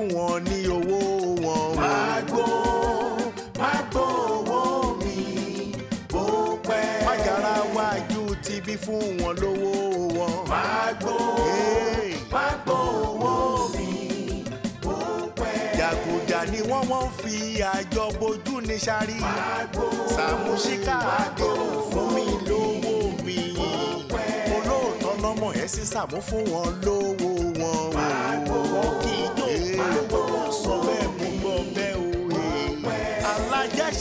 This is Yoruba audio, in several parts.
fún wọn ní owó wọn. Magbo Magbo owó mi bó pẹ́. Mágara wájú ti bí fún wọn lówó wọn. Magbo Magbo owó mi bó pẹ́. Jàgùjà ni wọ́n wọ́n fi àjọ bojú ní sáré. Magbo Sàmúsíkà àdéhùn fún mi lówó mi. Olóòótọ́ lọ́mọ ẹ̀ sísàmú fún wọn lówó wọn. Magbo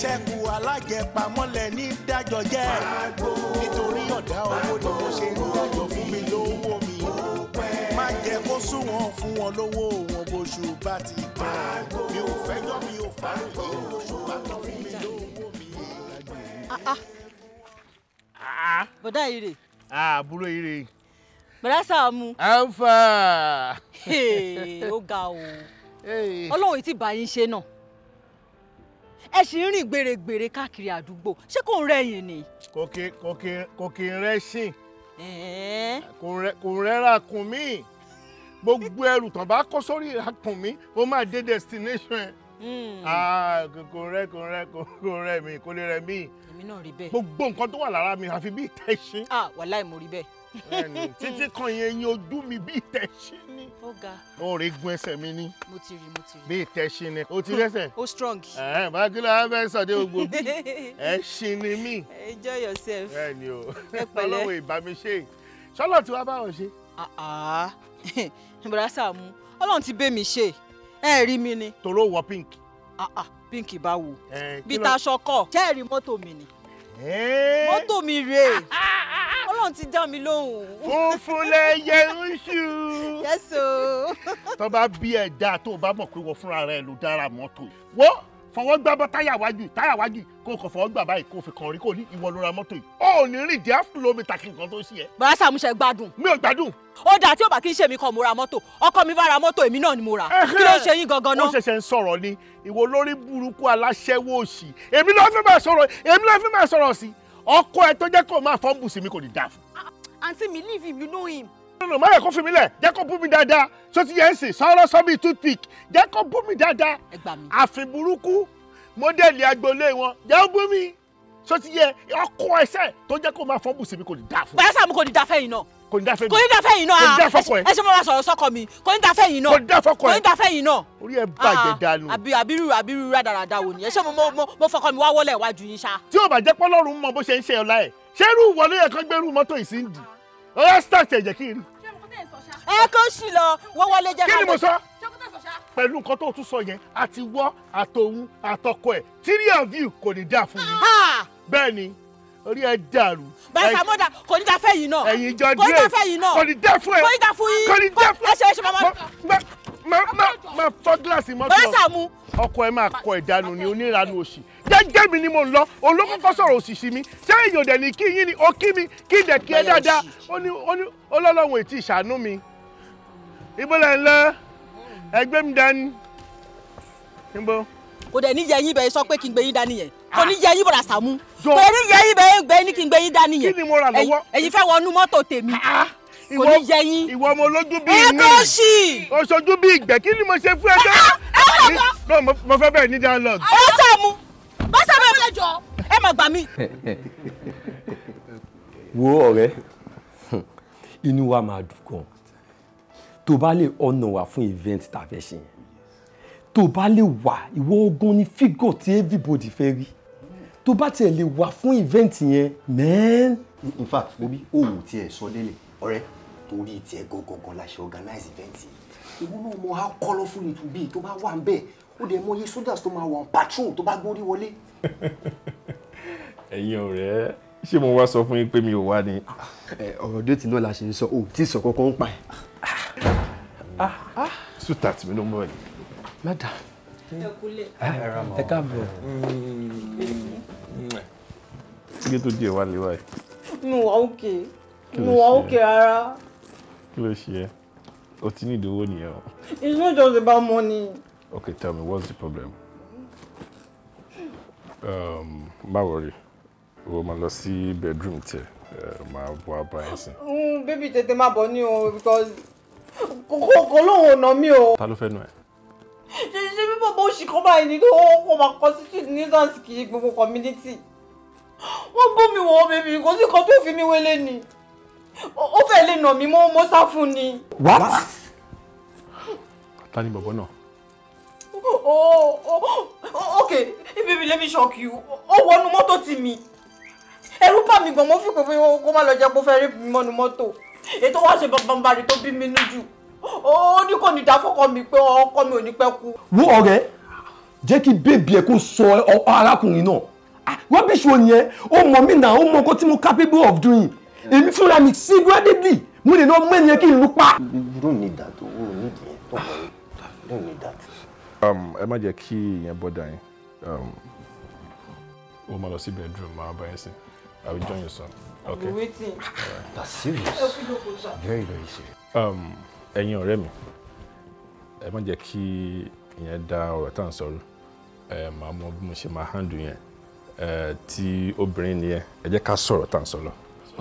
ṣẹ́kù alájẹpamọ́lẹ̀ ní dájọ́ jẹ́ nítorí ọ̀dá owó ni mo ṣe ń dájọ́ fún mi lówó mi má jẹ́ kó sùn wọn fún wọn lówó wọn bóṣù bá ti tán mi ò fẹ́jọ́ mi ò fàrùkì oṣù bá tán fún mi lówó mi. Ah, ah. bọ̀dá yìí rè. Ah, àbúrò yìí rè. bọ̀dá Sàámú. alfa. ó ga o ọlọ́run ti bá yín ṣe náà ẹ sì ń rìn gbèrègbèrè káàkiri àdúgbò ṣé kò ń rẹ̀yìn ni. kòkè kòkè kòkè rẹ́sìn kò rẹ́ra kùn mí gbogbo ẹrù tán bá kó sórí ìràkùn mi ó máa dé destination ẹ hmm. kò rẹ kò rẹ kò rẹ mi kò lè rẹ mí gbogbo nǹkan tó wà lára mi àfi bí ìtẹ̀sí. wàláì mo rí bẹ́ẹ̀. títí kan yẹn yín ojú mi bí ìtẹ̀sí ó ga. ó rí gun ẹsẹ̀ mi ní. mo ti rí mo ti rí. bí ìtẹ̀sí ni o ti rẹ́sẹ̀. ó strong. ẹ bá kí ló wá fẹ́ sọ̀dé gbogbo bí ẹ ṣí ni mí. enjoy yourself. bẹ́ẹ̀ ni o ọlọ́wọ́ ìbámi ṣe ṣọlọ tí wàá bá wọn ṣe. bùrọ̀ Sàámú ọlọ́run ti bẹ́ mi ṣe ẹ rí mi ni. tòró wọ pink. pink bá wò bí taṣọ kọ jẹ́ẹ̀rí mọ́tò mi ni mọ́tò mi rèé. Ọlọ́run ti dá mi lóhùn. funfun lẹyẹ ń ṣú. yes o. tó bá bí ẹ dáa tó o bá mọ̀ pé wọ́n fúnra rẹ ló dára mọ́tò yìí. wọ́n fọwọ́ gbá bọ́ táyà wájú táyà wájú kó o kò fọwọ́ gbà báyìí kó o fi kàn rí kó o ní ìwọ ló ra mọ́tò yìí. ó ní rìn díẹ̀ kìlómítà kí nǹkan tó ṣe ẹ. bàbá sàmúṣe gbádùn. mi ò gbádùn. ó dáa tí ó bá kí n ṣe mi kọ́ mo ra mọ́tò ọkọ mi bá ra mọ́tò èmi náà ni mo rà kí ló ṣe yín gangan náà. ó ṣẹ̀ṣẹ̀ ń sọ̀rọ̀ ni ìwọ lórí burúkú aláṣẹ́wó òṣì èmi ló fi máa sọ̀rọ̀ èmi ló fi máa sọ̀rọ̀ sí ọkọ ẹ tó jẹ́ kó máa fọ́n bùsùn mi kò ní dáa fún. àǹtí mi leave him you know him. nínú má yẹ kó fi mi lẹ̀ jẹ́ kó bú mi dáadáa tó ti yẹ ń sìn sọ́ọ́rọ́ sọ́mi toothpick jẹ́ kó bú mi dáadáa. ẹ gbà mí. àfin burúkú mọ́dẹ̀lì agboolé wọn jẹ́ ó bú mi tó ti yẹ ọkọ ẹsẹ̀ tó jẹ́ kó máa fọ́n bùsùn mi kò ní dáa fún. pẹ̀lú sàmù kò ní dáa fẹ́yìn náà kò ní dáfẹ́ yìí. kò ní dáfẹ́ yìí náà. kò ní mo máa sọ̀rọ̀ sọ́kọ mi kò ní dáfẹ́ yìí náà. kò ní dáfẹ́ kọ ẹ. kò ní dáfẹ́ yìí náà. orí ẹ bàjẹ́ ah, dànù. àbí àbírú àbírú rádaràda wò ni ẹ ṣé mo mo mo fọkọ mi wá wọlé iwájú yín ṣá. tí ò bá jẹ́ pọ́lọ́run mọ bó ṣe ń ṣe ọ̀la ẹ̀ ṣé irú ìwọ ló yẹ kán gbé irú mọ́tò yìí sí start ẹ̀jẹ̀ kí mo sọ pẹ̀lú nǹkan tó tún sọ yẹn àti wọ́ àtòun àtọkọ ẹ̀ tírí àvíù kò ní dáa fún mi ah! bẹ́ẹ̀ ni orí ẹ dàrú. bàtà mọ́dà kò ní ta fẹ́ yìí náà. ẹ̀yin jọ díẹ̀ kò ní ta fẹ́ yìí náà. kò ní dẹ́ fún ẹ kò ní ta fún yín. kò ní dẹ́ fún ẹ. ẹ ṣe é ṣe máa máa máa máa fọ́ gíláàsì mọ́tò. bẹ́ẹ̀ sàmú. ọkọ ẹ máa kọ ìdánù ni oníranu òsì jẹ́jẹ́ mi ni mo ń lọ olókùnkọ́ sọ̀rọ̀ òṣìṣì mi ṣé èèyàn dẹ̀ ní kí yín ni ó kí mi kí n dẹ̀ kí ẹ dáadáa ó ní ọlọ́lọ́wọ̀n ètí ìṣàánú mi ìbọ̀lẹ̀ ńlá ẹgbẹ́ mi dání. kò dẹ̀ níjẹ́ yín bẹ́ẹ̀ sọ pé kí n gbé yín dání yẹn. Ah. kò ní yẹ yín bọ̀dà Sàámú kò ní yẹ yín bẹ́ẹ̀ gbé ní kí n gbé yín dání yẹn kí ni mo rà lọ́wọ́ èyí fẹ́ wọnú mọ́tò tèmi ah, ah. kò ní yẹ yín ìwọ ọmọ olójú bíi mi ètò òsì òṣojú bíi ìgbẹ́ kí ni mo ṣe fún ẹ náà mo fẹ́ bẹ̀rẹ̀ ní dialogue. ó Sàámú bá Sàámú ẹ jọ ẹ mà gbà mí. wo ọ̀rẹ́ inú wa máa dùn gan tó bá lè ọ̀nà wá fún event tá a fẹ́ ṣe yẹn tó bá lè wà ìwọ ogun ni fígò tí everybody fẹ́ rí tó bá tiẹ̀ lè wà fún ìvẹ́ǹtì yẹn mẹ́ẹ́n. in fact mo bí òun tiẹ̀ sọ délé ọ̀rẹ́ torí tiẹ̀ gangan la ṣe organize event yìí ìwọ náà mọ how colourful it will be tó bá wà ń bẹ̀ ó dẹ̀ mọ iye soldiers tó máa wà on patrol tó bá gbórí wọlé. ẹ̀yin ọ̀rẹ́ ṣé mo wá sọ fún yín pé mi ò wá ni. Eh, ọ̀rọ̀ déètì náà la ṣe ń sọ ò tí ì sọ ń pa ẹ̀. sùtà tìmínú mọ́ ẹ̀. madam ẹ káàbọ̀. Mm. kí tó di ìwà lè wáyé. mi wà òkè mi wà òkè rárá. kí ló ṣe ẹ o ti ní ìdówó nìyẹn o. it's not just about money. okay tell me what's the problem. Um. má wọrí o máa lọ sí bedroom tẹ eh, máa bọ abá ẹ sìn. Mm, bébí tètè má bọ̀ ní o because kò lóun ò nà mí o. ta ló fẹ́ nù ẹ ṣe bí bàbá òṣì kan báyìí ni tó wọ́n máa constitute nuisance kì í gbogbo community wọ́n bó mi wọ́n bèbí kò sí kan tó fi mí wélé ni ó fẹ́ lè nà mí mọ́ mọ́ sá fún ni. what. ta ni bàbá náà. Oh oh, oh oh okay baby let me shock you ó wọnú mọ́tò tì mí ẹ̀rù bà mí gan mo fi pé kó má lọ jẹ́ kó fẹ́ rí mi mọ́nu mọ́tò ètò wá ṣe bàbá ń bari tó bí mi nú jù ó ní kò ní dá fọ́kọ mi pé ọkọ mi ò ní pẹ́ kú. wo ọ̀rẹ́ jẹ́ kí bèbí ẹ̀ kó sọ arákùnrin náà rubbish ah, wo nìyẹn ó mọ̀ mí náà ó mọ̀ nǹkan tí mo capable of doing èmi fúnra mi sí gradably mo lè lọ mọ ènìyàn kí n lù pa. you don't need that o oh, you don't need yẹn don't worry you don't need that. Um, ẹ má jẹ́ kí ìyẹn bọ́dà yín um, o máa lọ sí bedroom máa bá yín sí I will join you soon. Okay. I'm waiting. That's serious. Very very serious. Um, ẹ̀yin ọ̀rẹ́ mi ẹ má jẹ́ kí ìyẹn da ọ̀rọ̀ tá à ń sọ̀rọ̀ ẹ máa mọ bí mo ṣe máa handle yẹn tí obìnrin nìyẹn ẹ jẹ́ ká sọ̀rọ̀ tá à ń sọ lọ.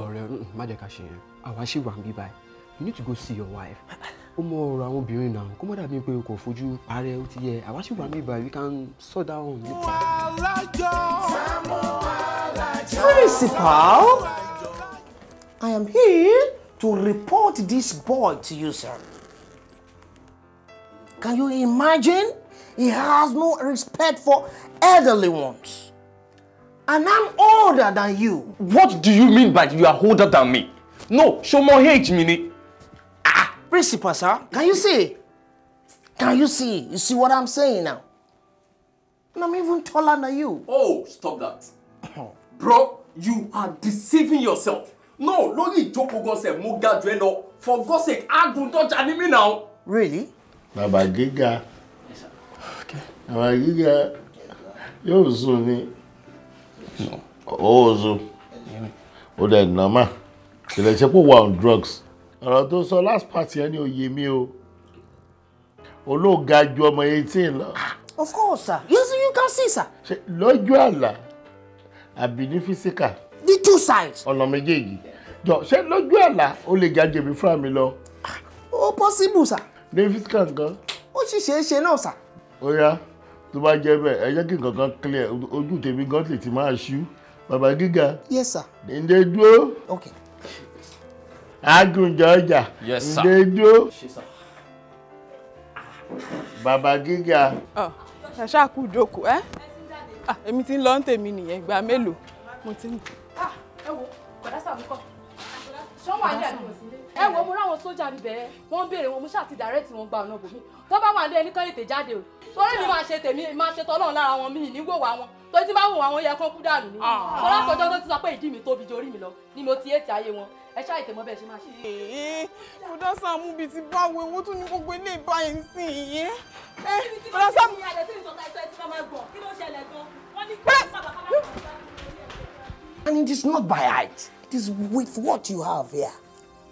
ọ̀rẹ́ má jẹ́ ká ṣe yẹn àwa ṣì wà níbí báyìí you need to go see your wife ó mọ ọ̀rọ̀ àwọn obìnrin náà kó má dàbí pé kò fojú ààrẹ ó ti yẹ àwa ṣì wà níbí báyìí we can sort that one. Tracy pal, I am here. to report this boy to you, sir. Can you imagine? He has no respect for elderly ones. And I'm older than you. What do you mean by you are older than me? No, show more age, Mini. Ah, principal, sir. Can you see? Can you see? You see what I'm saying now? And I'm even taller than you. Oh, stop that. Oh. Bro, you are deceiving yourself. no lórí ìjókòó gọ́sẹ̀ mo ga jù ẹ for God's sake aguntọ́jà ni mí now. really. bàbá gíga bàbá gíga yóò zun ni ó zun ó dẹ̀ Nama? ìlẹ̀ ṣe pé wà on drugs ọ̀rọ̀ tó so. last party ẹ ní oyè mi o olóòga ju ọmọ eighteen lọ. of course sir you, you can see sir. lọ́jọ́ àlà àbí ní físíkà the two sides. ọ̀nà méjèèjì jọ ṣé lójú àlá o lè ga jèmi fúnra mi lọ. Ah, ó possible sà. david kankan. ó sì ṣeé ṣe náà sà. ó yá tó bá jẹ́ bẹ́ẹ̀ ẹ jẹ́ kí nǹkan clear ojú tèmi gan lè ti máa ṣú bàbá gíga. yes sir. ǹdẹ dúró. ok. agunjọ ọjà. yes sir. ǹdẹ dúró. bàbá gíga. ọ ẹ ṣáà kú ìjókòó ẹ ah, èmi ti ń lọ ń tèmi nìyẹn ìgbà mélòó mo ti ń ẹ wo bọ̀dá sàmú kọ́ sọ́wọ́n mo ráwọn sójà mi bẹ̀rẹ̀ béèrè wọn mo ṣáà ti dàrẹ́tì wọn gba ọ̀nà bòmí tó bá wà ní ẹni ètè jáde o torí mi máa ṣe tèmi máa ṣe tọ́lọ́run lára wọn mi ní wòwà wọn tó ti bá wò wọn yẹ kán kú dànù ni ọlọ́kọ̀ọ́jọ́ tó ti sọ pé ìdí mi tóbi dorí mi lọ ni mo ti ètè ayé wọn ẹ ṣáà ìtẹ̀mọ́ bẹ́ẹ̀ ṣe máa ṣe. ee bùdá Sàámú bíi ti báwo ewu tún ní gbogbo ilé ìbáyìí ń sìn yìí. bùdá And it is not by height. It is with what you have here.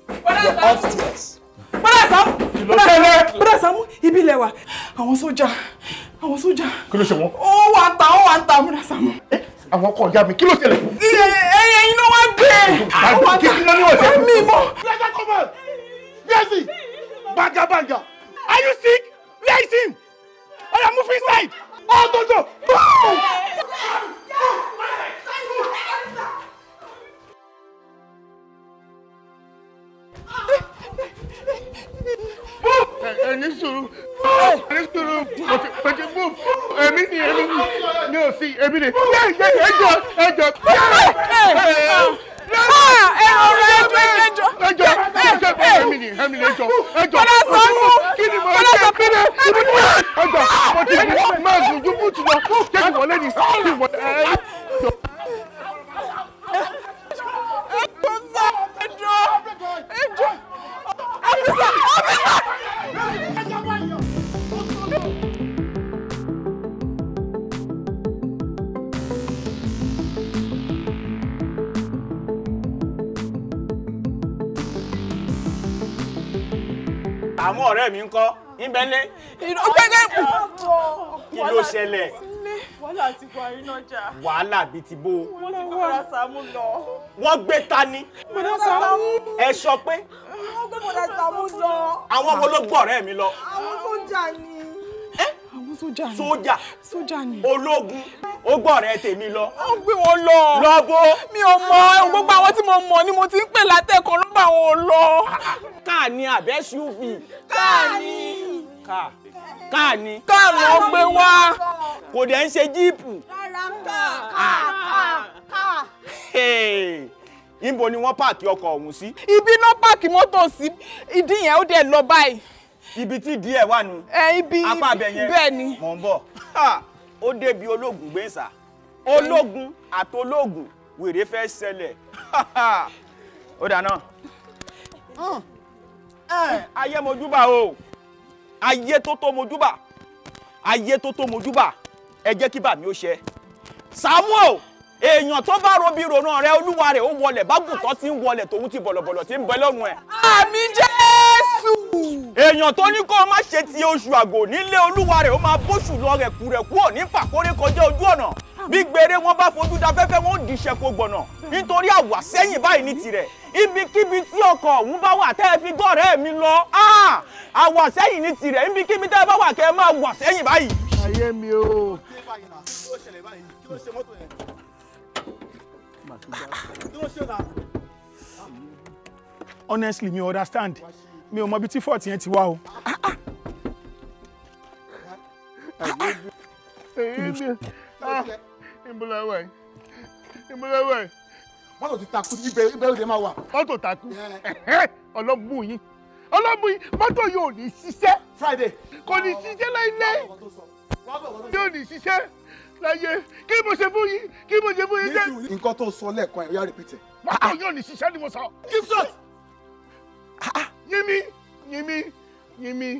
What You're upstairs. Bọ́dà Sàmú! Bọ́dà Sàmú! Ibi ilẹ̀ wa, àwọn sójà, àwọn sójà. Kí ló ṣe wọ́n? Ó wà ń ta, ó wà ń ta, Bọ́dà Sàmú. Ẹ àwọn ọkọ ìyá mi, kí ló ṣẹlẹ̀? Ẹyẹ iná wá gbé. Àwọn àti kí ló ní ọ̀sẹ̀? Ẹ̀mí mọ́. Lẹ́sẹ̀ kọ́mọ̀, Yẹ́sì, bàjàbàjà, are you sick? Where is him? Ọ̀rẹ́ mú fi side. Ọ̀dọ̀dọ̀, move! ẹni sùúrù ẹni sùúrù pẹ̀tù move ẹ̀mí ni ẹ̀mí ni ní òsì ẹ̀mí ni ẹjọ ẹjọ ẹ ọ̀rọ̀ ẹjọ ẹjọ ẹjọ ẹjọ ẹ̀mí ni ẹ̀mí ni ẹjọ ẹjọ ọ̀rọ̀ sọnù kíni mo ṣe kíni kíni mo ṣe ẹjọ mo ti máa sùn ju bùtù lọ ṣé kí wọlé ni kí wọlé ẹjọ. ọ̀rẹ́ mi ńkọ́ níbẹ̀ lé. gbẹgbẹ kí ló ṣẹlẹ̀. wàhálà ti wà iná jà. wàhálà bíi ti bó. wọ́n ti bọ̀dá Sàámú lọ. wọ́n gbé ta ni. bọ̀dá Sàámú. ẹ sọ pé. wọ́n gbé bọ̀dá Sàámú lọ. àwọn wo ló gbọ́ ọ̀rẹ́ mi lọ. àwọn sójà ni. àwọn sójà ni. sójà. sójà ni. ológun ó gbọ́ ọ̀rẹ́ tèmi lọ. ó gbé wọn lọ. lọ bó. mi ò mọ gbogbo àwọn tí mo mọ ni mo ti ń pè látẹ̀kọ́ gbà wọn lọ. káà ni àbẹ́ suv. káà ni. káà káà ni. káà lọ gbé wá kò dẹ̀ ń ṣe jíìpù. rárá káà káà káà. níbo ni wọ́n páàkì ọkọ̀ ọ̀hún sí. ibi náà páàkì mọ́tò sí ìdí yẹn ó dẹ̀ lọ báyìí. ibi tí díẹ̀ wà nù. ẹ ibi apá abẹ yẹn bẹ́ẹ̀ ni. mò ń bọ̀ ó débi ológun gbèsà ológun àtológun wèrè fẹ́ ṣẹlẹ̀ ó dáná mm. ayé mojúbà o ayé tó tó mojúbà ayé tó tó mojúbà ẹ jẹ́ kí bàmí ó ṣe Samuel èèyàn tó bá robi rònà rẹ olúwa rẹ ó wọlẹ̀ bágùntàn ti ń wọlẹ̀ tòun ti bọ̀lọ̀bọ̀lọ̀ ti ń bẹ lọ́rùn ẹ̀. àmín jésù. èèyàn tó ní kó o má ṣe ti oṣù àgò nílé olúwa rẹ ó máa bóṣù lọ rẹ̀ kúrẹ̀kú ò ní fàkórè kọjá ojú ọ̀nà bí gbèrè wọn bá fojú da fẹ́fẹ́ wọn ò dìṣẹ́ kó gbọ̀nà nítorí àwà sẹ́yìn báyìí ní tirẹ̀ ibikíbi tí ọkọ̀ ọ̀hún bá wà tẹ́ ẹ fi gọ́ọ̀rẹ́ mi lọ àwà sẹ́yìn ní tirẹ̀ ibikíbi tẹ́ ẹ bá wà kẹ́ ẹ máa wà sẹ́yìn báyìí. ayé mi o. honestly mi understand mi ò mọ ibi tí fọ́ọ̀tì yẹn ti wá o. ah ìmúlẹ̀wẹ̀ ìmúlẹ̀wẹ̀. mọ́tò ti takú ibẹ̀ ibẹ̀ òde máa wà. mọ́tò takú ọlọ́mú yín ọlọ́mú yín mọ́tò yóò ní ṣiṣẹ́. Friday. kò ní ṣiṣẹ́ láìláì yóò ní ṣiṣẹ́ láyé kí mo ṣe fún yín kí mo ṣe fún yín jẹ́. nǹkan tó sọ lẹ́ẹ̀kan ẹ̀ ó yá rìpítẹ̀. mọ́tò yóò ní ṣiṣẹ́ ni mo sọ. gibson. yimi yimi yimi.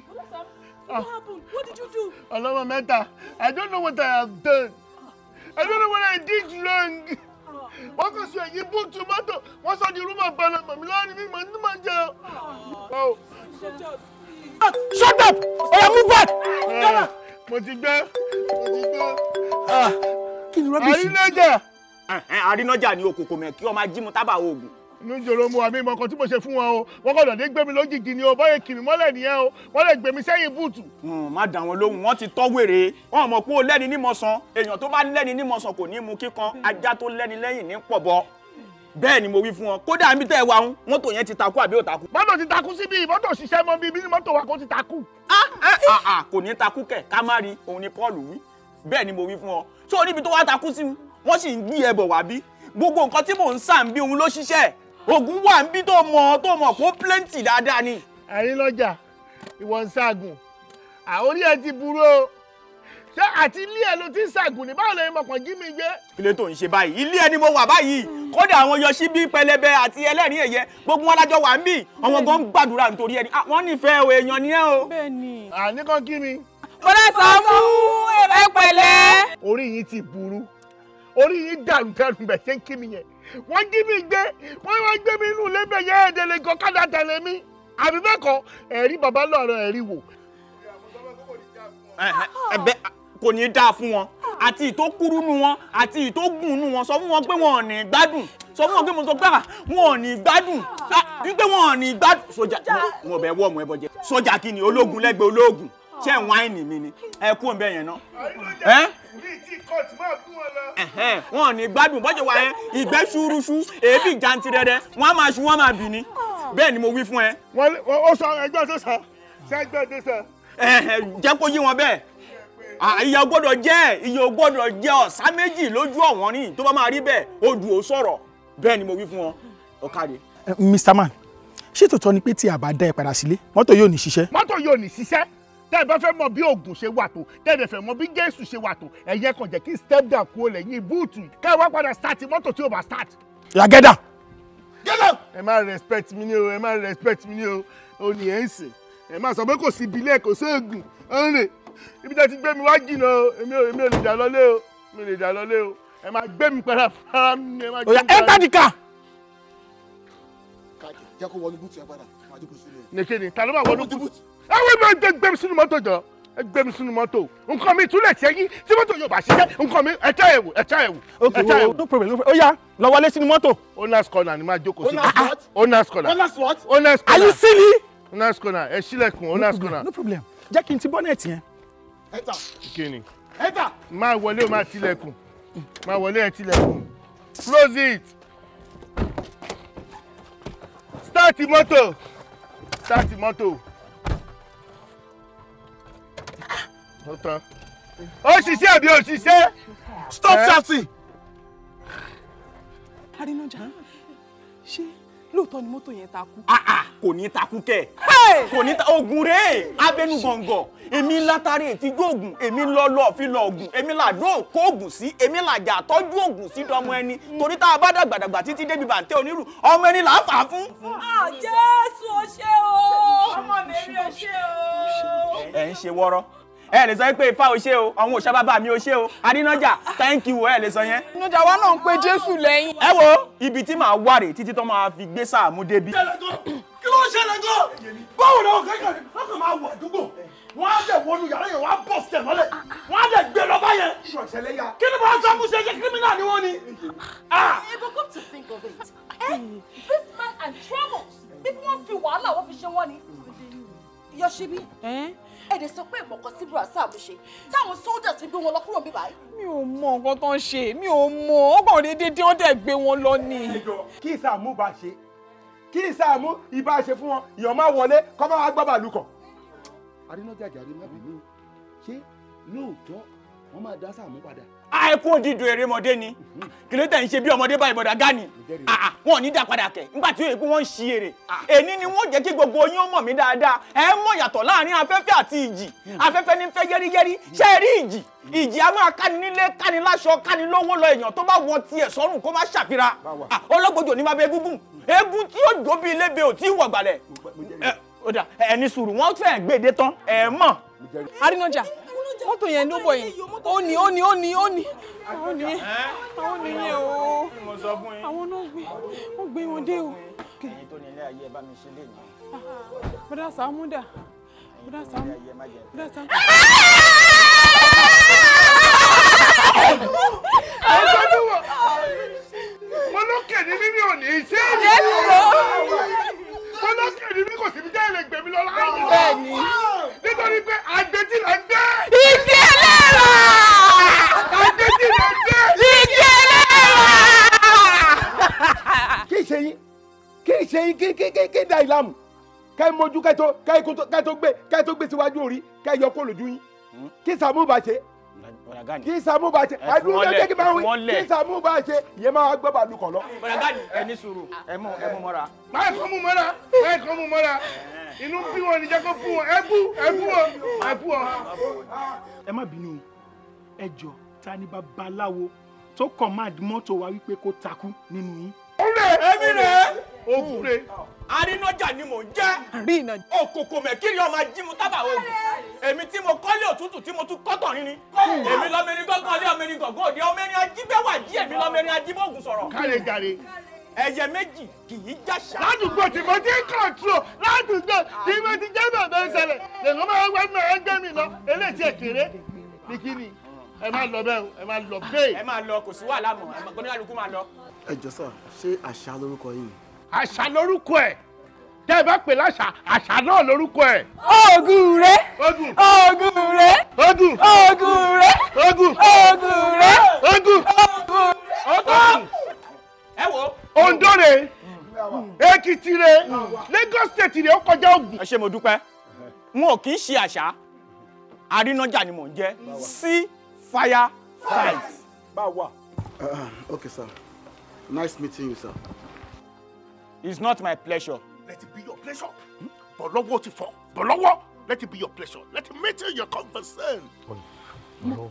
Ah. What happened? What did you do? Ọlọ́mọ mẹ́ta, I don't know what I have done. I don't know what I did wrong. Wọ́n kàn sọ èyí bú tomato, wọ́n sọ di rúmọ̀ bẹ̀rẹ̀ màmí láàrin mi màá ní màá jẹ o. Oh. Shut up! Oya move back! Eh, mo ti gbẹ́, mo ti gbẹ́. Ah, kí ni rọ́bìsì? Àrínájà. Àrínájà ni okòkò mẹ́ kí ọmọ ajímú tábà oògùn inú jòrò mu àmì ìmọ̀ kan tí mo ṣe fún wọn o wọ́n kọ̀ lọ́dẹ gbé mi lójijì ni o bọ́yẹ̀ kì mí mọ́lẹ̀ nìyẹn o wọ́n lè gbé mi sẹ́yìn búùtù. Hmm, má dà wọn lóhùn wọn ti tọ́ wèrè wọn mọ̀ pé ó lẹ́ni nímọ̀sán èèyàn tó bá lẹ́ni nímọ̀sán kò ní mu kíkan ajá tó lẹ́ni lẹ́yìn ní pọ̀bọ bẹ́ẹ̀ ni mo wí fún wọn kódà níbi tẹ́ ẹ wa ń mọ́tò yẹn ti takú àbí ò takú. mọ́tò ti takú síbi mọ́tò ṣiṣẹ́ mọ́ bíi mọ́tò wa kò ti takú. Ah, ah, ah, kò ní takú kẹ̀ ká má rí òun ni Paul wí bẹ́ẹ̀ ni mo wí fún ọ ṣé níbi tó wá takú sí wọn sì ń gbé ẹbọ wá bí gbogbo nǹkan tí mò ń sàn bí òun ló ṣiṣẹ́ oògùn wà ń bí tó mọ tó mọ kó plenty dáadáa ni. àyín lọ́jà ìwọ ń ṣaagùn àórí ẹ ti burú o ṣé àti ilé ẹ ló ti ń ṣaagùn ní báwo lẹ́yìn mọ̀kàn jí mi gbé. ilé tó ń ṣe báyìí ilé ẹ ni mo wà báyìí kódà àwọn yọṣí bíi pẹlẹbẹ àti ẹlẹ́rìí ẹ̀yẹ gbogbo wọn lájọ wà ń bì ọmọ gan gbàdúrà nítorí ẹni wọn nífẹ̀ẹ́ o èèyàn ni ẹ o. bẹ́ẹ̀ni. àníkàn kí mi. mo lọ sọ fún ẹ orí yìí ti burú orí yín dàrú dàrú bẹ̀ ṣe ń kí mi yẹn wọ́n jí mi gbé wọ́n wá gbé mi inú ilé bẹ̀ yẹn ẹ̀ẹ́dẹ̀ lè kọ́ kádà tẹ̀lé mi àbí bẹ́ẹ̀ kọ́ ẹ̀rí bàbá lọ́rọ̀ ẹ̀rí wò. ẹ̀bẹ̀ kò ní í dáa fún wọn àti ìtó kúrú nu wọn àti ìtó gùn nu wọn sọ fún wọn pé wọn ò ní gbádùn sọ fún wọn pé mo sọ pé ah, wọn ò ní gbádùn wípé ah, wọn ò ní gbádùn sójà mo bẹ wọ́ọ̀mù ẹbọ jẹ sójà kí ni ológun lẹ́gbẹ̀ẹ́ ológun ṣé wáìnì mi ni ẹ kú òun bẹ́ẹ̀ yẹn náà bíi tí kọ́ọ̀tù máa kú wọn lọ. wọn ò ní gbádùn bọ́jọ̀ wa yẹn ìgbẹ́ ṣúrúṣú èébì jantirẹrẹ wọn á máa ṣu wọn máa bì ní bẹ́ẹ̀ ni mo wí fún ẹ. wọn ó sọ ẹgbẹ́ tó sọ ṣé ẹgbẹ́ tó sọ. jẹ́ kó yí wọn bẹ́ẹ̀ ìyà gbọ́dọ̀ jẹ́ ìyà gbọ́dọ̀ jẹ́ ọ̀sá méjì lójú ọ̀wọ́n ní tó bá máa rí bẹ́ẹ̀ odù ò sọ̀rọ̀ bẹ́ẹ̀ ni mo wí fún ọ ọ̀kadì. Mr Man ṣé tòótọ́ ni pé tí a bá dá ẹ padà sílé mọ́tò yóò ní ṣiṣẹ́. mọ́tò yóò ní ṣiṣẹ́ tẹ́ ẹ bá fẹ́ mọ bí Ògún ṣe wà tó tẹ́ ẹ fẹ́ mọ bí Jésù ṣe wà tó ẹ̀yẹ kan jẹ́ kí step down kúrò lẹ́yìn búùtù ká ẹ wá padà start mọ́tò tí o bá start. yàgẹ́dà. gẹ́gẹ́. ẹ má respect mi ni o ẹ má respect mi ni o o ní ẹ̀ ń sìn ẹ má sọ pé kò sí ibilẹ̀ kò sí Ògún ọ̀rẹ́ ibi tẹ́ ti gbé mi wá jìnnà o èmi ò èmi ò lè dà lọ́lé o mi ò lè dà lọ́lé o ẹ má gbé mi padà fara mi ẹ má oh, gbé mi padà. enter àwọn ẹgbẹ́ ẹgbẹ́ gbé mi sínú mọ́tò jọ ẹ gbé mi sínú mọ́tò nǹkan mi ìtúlẹ̀ ṣe yín tí mọ́tò yóò bá ṣiṣẹ́ nǹkan mi ẹ̀ta ẹ̀wò ẹ̀ta ẹ̀wò ẹ̀ta ẹ̀wò. no problem no problem ó yá lọ wọlé sínú mọ́tò. owners corner ni máa jókòó sí. owners corner owners what owners corner. are you silly. owners corner ẹ ṣílẹ̀kùn owners corner. no problem jẹ́ kí n ti bọ́nẹ̀tì yẹn. ẹ̀ta kíni. ẹ̀ta. máa wọlé o máa tilẹ̀kùn máa wọlé ẹ̀ tilẹ̀kùn close it start mọ́tò start mọ́tò. ó ṣiṣẹ́ àbí ó ṣiṣẹ́. stop shouting. arínájà ṣé lóòótọ́ ni mọ́tò yẹn takú. Ah, ah, kò ní takú kẹ̀ kò ní ta oògùn rẹ̀ abẹnú gọ̀ǹgọ̀ èmi látàrí ètí gbóògùn èmi lọ́lọ́ fi lọ oògùn èmi làdó kó oògùn sí èmi làjà tọ́jú oògùn sí dọmọ ẹni torí tá a bá dàgbàdàgbà títí débi bàǹtẹ́ onírù ọmọ ẹni là á fà á fún. Ah, Jésù o ṣé o ọmọ mi rí o o. ẹ ń ṣe wọ́rọ́ ẹ lè sọ pé ifá o ṣe o àwọn òṣà bàbá mi o ṣe o adínájà thank you ẹ lè sọ yẹn. ìnájà wa náà ń pe jésù lẹ́yìn. ẹ wo ibi tí màá wà rè títí tó máa fi gbé Sàámú débi. kí ló ń ṣẹlẹ̀ gan-an báwo ni ọkọ̀ ìkàlẹ̀ lọ́sàn máa wọ àdúgbò wọ́n á dẹ̀ wọnú yàrá yẹn wọ́n á bọ̀ sílẹ̀ mọ́lẹ̀ wọ́n á dẹ̀ gbé lọ́ba yẹn. kí ni màá sọ fún ṣe ṣe kírímínà ni wọ́n ni. Ah! Ah! but come to think of it eh? this man and troubles bí wọ́n fi wàhálà wọ́n fi ṣe wọ́n ni. yọ̀ṣibí. Eh? ẹ̀dẹ̀ sọ pé ìmọ̀kọ sí brazil àmúṣe táwọn soldiers fi gbé wọn lọ kúrò níbí báyìí. mi ò mọ nǹkan tó ń ṣe mi ò mọ ọgbọ̀n déédéé wọ́n dẹ̀ gbé wọn lọ ni. kí ìsàmú bá ṣe kí ìsàmú ìbá ṣe fún wọn ìyàn máa wọlé kọ́ bá wa gbọ́ bàálù kọ̀. arínájàjà rí má bínú ṣé lóòótọ́ wọ́n máa dá Sàámú padà àìkú òdìdó erémọdé ni kìlótà ń ṣe bí ọmọdé báyìí bọ̀dà gani ah, ah, wọn ò ní dà padà kẹ̀ nígbà tí ó yẹ kí wọ́n ń ṣi èrè èní ni wọ́n jẹ́ kí gbogbo yín ó mọ̀ mí dáadáa ẹ mọ̀ yàtọ̀ láàrin afẹ́fẹ́ àti ìjì hmm. afẹ́fẹ́ ní fẹ́ yẹ́rìyẹ́rì ṣe rí ìjì ìjì a máa káni nílé káni láṣọ káni lówó lọ èèyàn tó bá wọ tiẹ̀ sọ́run kó má ṣàfira ah, ọlọ́gbọ́dọ̀ eh, ní bàbá egúngún mọ́tò yẹn ló bọ̀ yẹn ó ní ó ní ó ní ó ní àwọn nìyẹn àwọn nìyẹn o àwọn náà gbé wọ́n gbé wọn dé o. èyí tó ní ilé ayé ẹ bá mi ṣe léyìn. bọ́dà sàmúdà bọ́dà sàmúdà bọ́dà sàmúdà. mo lókè ní mímí ò ní í ṣe é. mo lókè ní mí kò sí mi jẹ́ ẹ̀rẹ̀gbẹ̀mí lọ́la. bẹ́ẹ̀ ni nítorí pé àgbèjì là ń gbé. ìdí ẹlẹ́rọ. àgbèjì là ń gbé. ìdí ẹlẹ́rọ. kí ṣe yín kí ṣe yín kí kí kí da ìlàmù kẹ́ mójú kẹ́ tó gbé kẹ́ gbé síwájú orí kẹ́ yọ kó lójú yín kí sàmúbà ṣe bọ̀dà gani. kí sàmú bá ṣe àdúró ló jẹ́ kí bá wí kí sàmú bá ṣe yẹ máa gbọ́ bàálù kọ̀ lọ. bọ̀dà gani ẹ ní sùúrù ẹ mú ẹ mú mọ́ra. máa kọ́ mú mọ́ra máa kọ́ mú mọ́ra inú bí wọn ní jẹ́kọ́ fún wọn ẹ bú ẹ bú wọn ẹ bú wọn. ẹ má bínú ẹ ta ni babaláwo tó kàn máa di mọ́tò wa wípé kó takú nínú yín. ọ̀rẹ́ ẹ̀mí rẹ̀ ògùn rẹ̀. arínájà ni mò ń jẹ́. àrínájà. òkòkò mẹ́kìrì ọmọ ajímú tábà ogun èmi tí mo kọ́lé òtútù tí mo tún kọ́tọ̀ rin ni hmm. èmi lọ́mọ ẹni gángan ọdẹ ọmọ ẹni gàngán òde ọmọ ẹni ajíbẹ́wà jí èmi lọ́mọ ẹni ajíbọ̀gùn sọ̀rọ̀. káre jàre. ẹyẹ méjì kì í jàṣà. ládùúgbò tí mo ti ń kọ̀ọ̀tù ládùúgbò tí mo ti jẹ́ bàbá ìṣẹ̀lẹ̀ lèmi máa ń wá mi ẹ̀ ń gbé mi lọ eléyìí ẹ̀ kéré ní kíni ẹ máa lọ bẹ́ẹ̀ ẹ máa lọ bẹ́ẹ̀. ẹ máa lọ kò sí wàhálà mọ́ kọ́ni máa lọ tẹ́ ẹ bá pè láṣà àṣà náà lórúkọ ẹ̀. oògùn rẹ oògùn rẹ oògùn rẹ oògùn rẹ oògùn oògùn. ẹ wo. Ondo rè Èkìtì rè Lagos state rè ó kọjá oògùn. ẹ ṣé mo dúpẹ́ wọn ò kì í ṣe àṣà àrínájà ni mò ń jẹ́ sí fire fight. báwa. Uh, uh, okay sir nice meeting you sir. it's not my pleasure let it be your pleasure. Hmm? bọ̀lọ́wọ́ ti fọ bọ̀lọ́wọ́ let it be your pleasure let it meet your concern. bọ̀lọ́wọ́.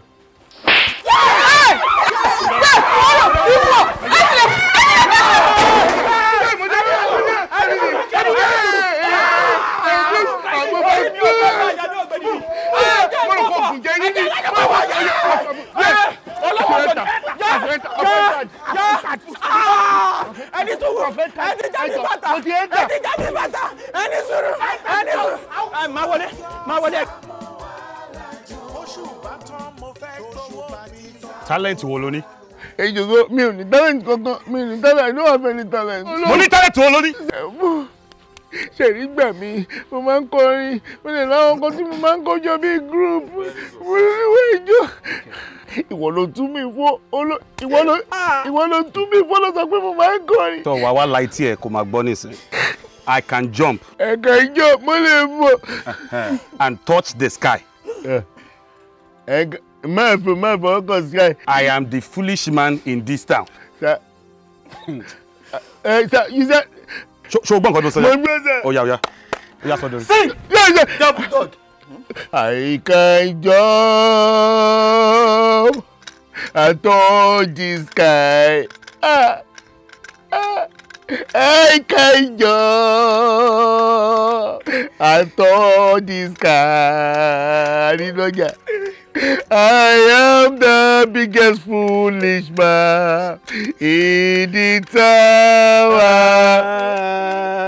talent wo ló ní. èjòso mi ò ní talent kankan mi ò talent i don't have any talent. mo ní talent wo ló ní. ṣèrí gbà mí mo máa ń kọrin mo lè láwọn kan tí mo máa ń kọjọ bíi group mo lè wé ìjọ ìwọ ló tún mi fọ ìwọ ló ìwọ ló tún mi fọ ló sọ pé mo máa ń kọrin. tọ wàá wá láì tí ẹ máa gbọ́ nísìnyí i can jump. ẹ kàn jump mo lè fò. and touch the sky. ẹ mẹ́ẹ̀fọ́ mẹ́ẹ̀fọ́ ó kàn sí ẹ. I am the foolish man in this town. Sir, uh, sir you said. ṣo gbọ́ nǹkan tó sọ yẹn. mo gbé sẹ́. ó yá ó yá ó yá sọ́dọ̀ rẹ̀. sí yóò ṣe. jump dog. I can jump atop the sky. Ah, ah. I can jump atop the sky. I am the biggest foolish man in the tower.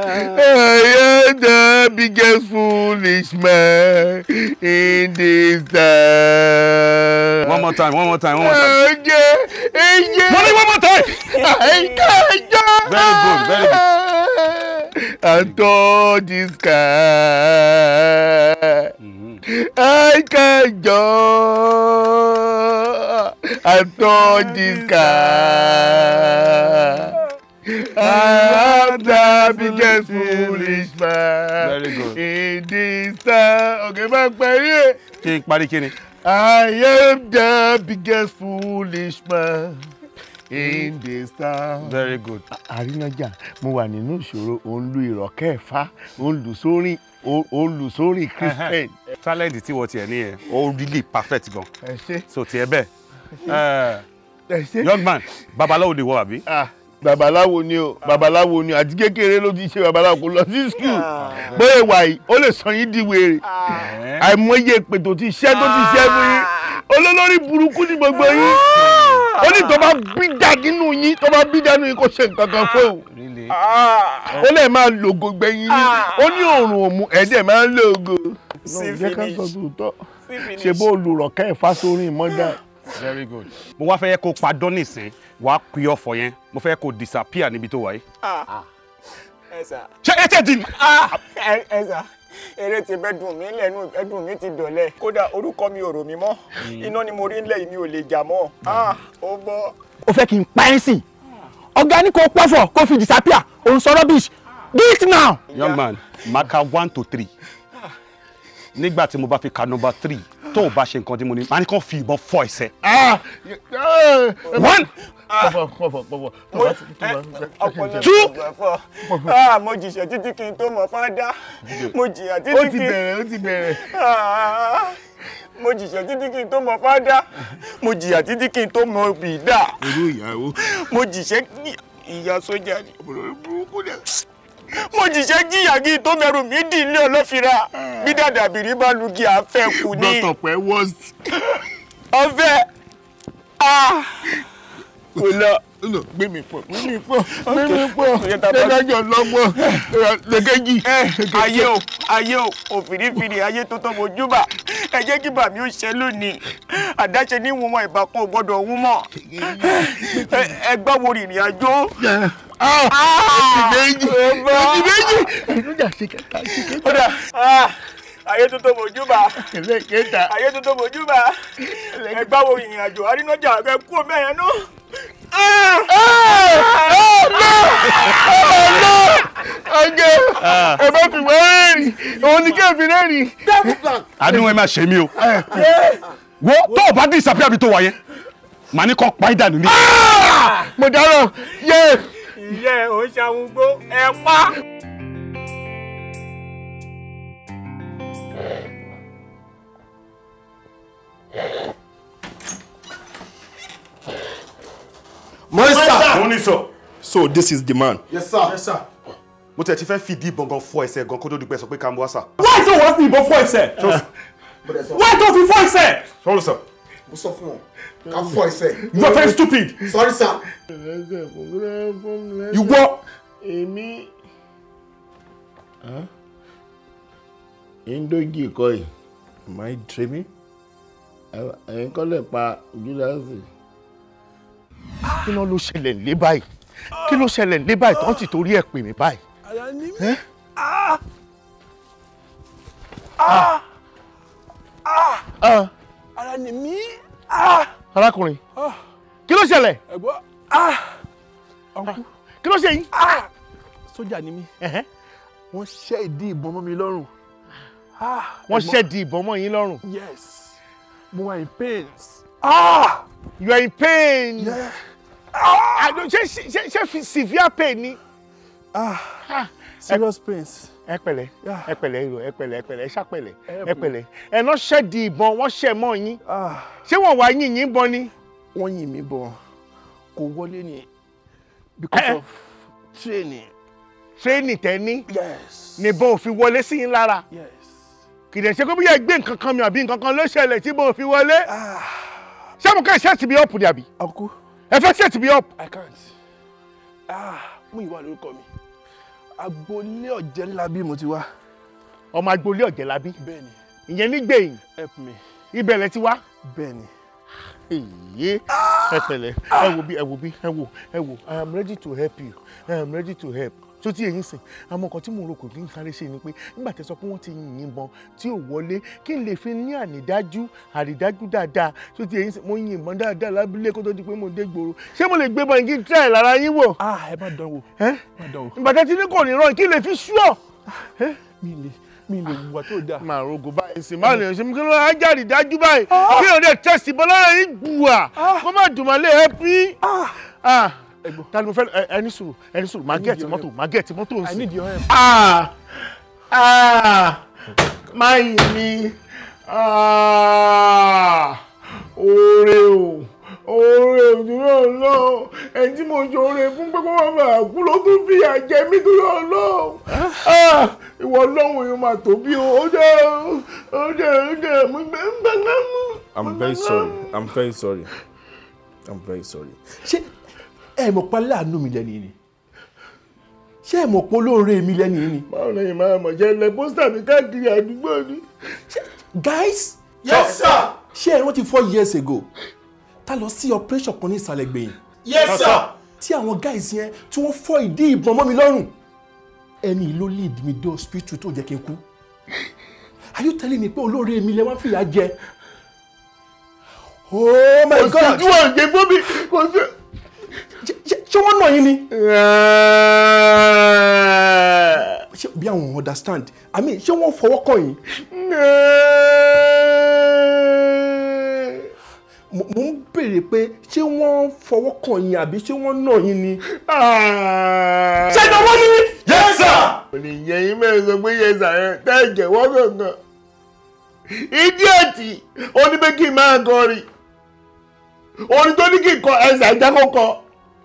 I am the biggest foolish man in this town. One more time, one more time, one more time. Yeah, yeah. Money, one more time. very good, very good. I touch the sky. Mm. I can't go I touch this sky. E. I am the biggest foolish man in this town. Okay, back parí ẹ̀. Kí n I am the biggest foolish man in this town. Very good. Àrínájà, mo wà nínú ìṣòro, òun lu ìrọ̀kẹ́ ẹ̀fá, òun lù sórin olùsórí christian. talent tí wọ́n tiẹ̀ ní yẹn ó really perfect gan so tiẹ̀ bẹ́ẹ̀ young man babaláwo ni wọ́n àbí. Ah, babaláwo ni o ah. babaláwo ni o àti kékeré ló ti ṣe babaláwo kò lọ sí school ah. bóyá ìwà yìí ó lè sọ yín di wèrè àìmọye èpè tó ti ṣẹ́ tó ti ṣẹ́ fún yín olólórí burúkú ni gbogbo yín ó ní tó bá bídà nínú yín tó bá bídà nínú yín kò ṣe nǹkan kan fún òun ó lè máa lògò gbẹ̀yìn yín ó ní òórùn òmu ẹ̀dẹ̀ máa ń lògò. jẹ́ ká sọ tòótọ́ ṣe bó olùrọ̀kẹ́ ìfásórin mọ́dà. very good mo wá fẹ́ kó padọ́ nìsín wàá pè ọ̀fọ̀ yẹn mo fẹ́ kó disappear níbi tó wà yìí. Ah. ṣé ẹ tẹ̀ dín. ẹ ẹ eré ti bẹ́ dùn mí lẹ́nu ẹ̀dùn mi ti dọ̀lẹ́ kódà orúkọ mi ò rò mí mọ́ hmm. iná ni mo rí ńlẹ̀ yìí mi ò lè jà mọ́ ah, ó bọ́. o fẹ́ kí n pa ẹ́ sìn ọ̀gá ni kò pọ̀fọ̀ kò fi disappear òun sọ rubbish do it now. young man maka one to three ah. nígbà tí mo bá fi ka number three tó o bá ṣe nǹkan tí mo ní màá ní kàn fi ìbọn fọ ẹsẹ̀. Ah! one ah! Eh, two ah, mo jìṣẹ́ títí kí n tó mọ̀ fádá mo jìyà títí kí n. ó ti bẹ̀rẹ̀ ó ti bẹ̀rẹ̀ mo jìyà títí kí n tó mọ fádá mo jìyà títí kí n tó mọ bìdá mo jìṣẹ́ ìyá sójà ni mo jise jìyà to meru mi dì ilé ọlọ́fìrà ah. a fe ku ni. ah. wòlá gbẹmí pọ gbẹmí pọ gbẹmí pọ lẹ́dájọ́ lọ́gbọ́n lẹ́gẹ́jì. Eh, ayé o ayé o òfìrífìrí ayé tó tọ́ mojúbà ẹ jẹ́ kí bàmí ó ṣe lónìí àdáṣe ní wọn ìbákan ò gbọ́dọ̀ wú mọ́ ah, ẹ gbá wo rìnrìn àjò. èjì méjì èjì méjì. kódà ayé tuntun mojúbà ayé tuntun mojúbà ẹgbàá wo ìrìn àjò arínájà rẹ kú omi ẹ̀yẹn náà. Ah ah ọjọ́ ẹ̀bá fi wọ́n rẹ́rìn òun ni kéèfì rẹ́rìn. àdéhùn ẹ máa ṣe mí o wo tó o bá dín ìsàpẹ́ àbí tó wà yẹn màá ní kọ́ pa ìdànù ní. mo dárò yé. ìyá ẹ̀ ò ṣàwùgbó ẹ pa. Yeah. òun ni so this is the man. yes sir. yes sir. mo tẹ̀ ti fẹ́ fìdí ìbọn gan fọ ẹsẹ̀ gan kó tó di pẹ́ sọ pé kàmú wá sà. why tó wá fi ìbọn fọ ẹsẹ̀. why tó fi fọ ẹsẹ̀. sọ́run sọ. mo sọ fún ọ ká fọ ẹsẹ̀. you are very stupid. sorry sir. ìwọ. èmi indoji kọ́ yìí. am I dreaming? ẹ̀yin kọ́ lè pa Julius kí ló ló ṣẹlẹ̀ nílé báyìí kí ló ṣẹlẹ̀ nílé báyìí tó ń ti torí ẹ̀ pè mí báyìí. ara ni mí. Ah! Ah! Ah! arákùnrin kí ló ṣẹlẹ̀. kí ló ṣe yín. sójà ni mí wọ́n ṣẹ́ ìdí ìbọn mọ́ mi lọ́rùn. wọ́n ṣẹ́ ìdí ìbọn mọ́ yín lọ́rùn. yes mo wà in pains ah you are in pain yeah. ah i don't just ṣe ṣe ṣe severe pain ni. ah, ah. serious pain. ẹ pẹ̀lẹ́ ẹ pẹ̀lẹ́ irọ ẹ pẹ̀lẹ́ ẹ pẹ̀lẹ́ ẹ ṣàpẹ̀lẹ́ ẹ pẹ̀lẹ́ ẹ náà ṣẹdi ìbọn wọn ṣẹ mọ yín ah. ṣé wọn wá yín bọ ni. wọn yìn mí bọ kò wọlé ni because eh. of training. training tẹ ní. yes. níbọn ò fi wọlé sí yín lára. yes. kìdẹ̀ ṣe kó bí yẹ gbé nǹkan kan mi àbí nǹkan kan ló ṣẹlẹ̀ tí bọ́n ò fi wọlé. ah Ṣé mo kàn ṣẹ́ẹ̀tì mi ọ̀pù ni àbí? Uncle. Ẹ fẹ́ ṣẹ́ẹ̀tì mi ọ̀pù. I can't. Ah, mú ìwà lórúkọ mi. Agboolé Ọ̀jẹ̀lábí mo ti wá. Ọmọ agboolé Ọ̀jẹ̀lábí. Bẹ́ẹ̀ni. Ìyẹn nígbẹ̀yìn. Help me. Ibẹ̀ lẹ ti wá. Bẹ́ẹ̀ni eye ẹ pẹ̀lẹ́ ẹ wo bí ẹ wo bí ẹ wo i am ready to help you i am ready to help tó ti èyí sìn àmọ́ nǹkan tí mo rò kò kí n sáré ṣe ni pé nígbà tẹ́ sọ pé wọ́n ti yìnbọn tí ò wọlé kí n lè fi ní ànídájú àrídájú dáadáa tó ti èyí sìn mo yìnbọn dáadáa lábílẹ̀ kó tó di pé mo dé gbòòrò ṣé mo lè gbé bọ́ igi tíráì lára yín wò. ẹ má dán wò ẹ má dán wò. ìgbà tẹ́ ti ní kò ní rán kí n lè fi ṣúọ̀. mi lè mi lè wùwà tó dáa. máa rogo báyìí sì máa lè ṣe kí ló á jáde dájú báyìí ah! kí ló dé tẹ̀sí bọ́lá yín gbùwà kó ah! má dùn má lè ẹ́ pín. Ah! ta ni mo fẹ́ ẹni sùúrù ẹni sùúrù máa gẹ̀ẹ́tì mọ́tò máa gẹ̀ẹ́tì mọ́tò ń sìn. máa yìí mi ah, oore o oore òdúró ọlọ́ọ̀ ẹni tí mo jọ oore fún pé kó má bàa kú ló tún fi àjẹ mi tó yọ ọlọ́ọ̀ ah, ìwọ ọlọ́run yóò máa tóbi o ó jẹ́ ó jẹ́ ó jẹ́ mo gbẹ́ ń gbẹ́ ń gbẹ́ I'm very sorry I'm very sorry I'm very sorry. ṣé ẹ mọ̀ pa láàánú mi lẹ́nu ni ṣé ẹ mọ̀ pé olóore mi lẹ́nu ni. báwo ni ìmọ̀ àmọ̀ jẹ́ lẹ pósítà mi káàkiri àdúgbò ni. guys. yes sir. ṣé ẹ rántí four years ago ta lọ sí operation kan ní ìsàlẹ̀ gbẹ̀yìn. yes sir. tí àwọn guys yẹn tí wọ́n fọ́ ìdí ìbọn mọ́ mi lọ́rùn ẹni ló lead mi dé hospital tó jẹ́ kí n kú are you telling me pé olóore mi lẹ wá fìyà jẹ. oh my god. kò sí ojú àgbẹ̀ fún mi kò sí ṣé wọ́n nà yín ni. ṣé bí àwọn understand i mean ṣé wọ́n fọwọ́ kàn yín. mo ń béèrè pé ṣé wọ́n fọwọ́ kàn yín àbí ṣé wọ́n nà yín ni. ṣé ìdánwò ni. yes sir. ònìyẹn yín mẹ́rin sọ pé yes sir ẹ tẹ́ ẹ̀jẹ̀ wọ́n kankan idiot oníbẹ́kì máa kọrin orin tó ní kí n kọ ẹsẹ̀ ajá kọ́kọ́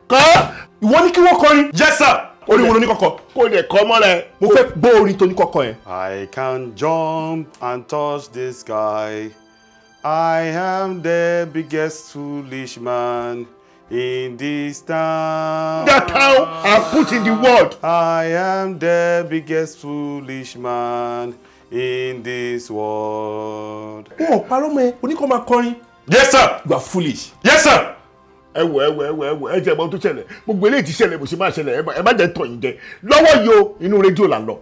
kọ́ ìwọ ní kí wọ́n kọrin. yes sir orin ló ní kọ́kọ́. kò lè kọ́ mọ́ra ẹ. mo fẹ́ gbọ́ orin tó ní kọ́kọ́ yẹn. I can jump and touch the sky. I am the biggest foolish man in this town. That town I put in the world. I am the biggest foolish man in this world. Wọ́n parọ́ mọ́ ẹ, oníkọ́ máa kọrin. Yes sir. You are foolish. Yes sir ẹwọ ẹwọ ẹwọ ẹwọ ẹ jẹ ẹmọ tó ṣẹlẹ̀ gbogbo eléyìí ti ṣẹlẹ̀ bó ṣe máa ṣẹlẹ̀ ẹ má jẹ tọyìn jẹ lọ́wọ́ yìí o inú rédíò là lọ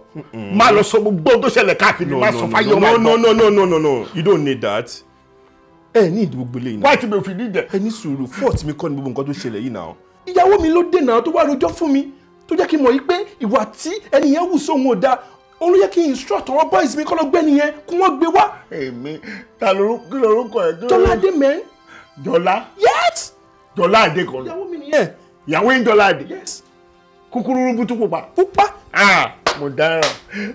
má lọ sọ gbogbo tó ṣẹlẹ̀ káàkiri má sọ fáyọ má gbọ́. no no no no no no you don't need that. ẹ ní ìdí gbogbo eléyìí náà. wáá ti fi ní jẹ. ẹ ní sùúrù fọ́ọ̀t mi kọ́ ni gbogbo nǹkan tó ṣẹlẹ̀ yìí náà. ìyàwó mi ló dènà tó wá rojọ́ fún mi tó jẹ́ kí n mọ̀ yìí pé ìwà tí ẹnìyẹn wù yẹ kí n instruct àwọn boys mi kọ́ lọ gbẹ́ nìyẹn kí wọ́n gbé wá. èmi ta lorúkọ ẹ. jọládé mẹ́. jọlá. yẹ́t dọ́là àdé kan lọ. ìyàwó mi nìyẹn. ìyàwó yín dọ́là àdé. yes. kúkúrú rúbú tó pupa. pupa. ah mo dára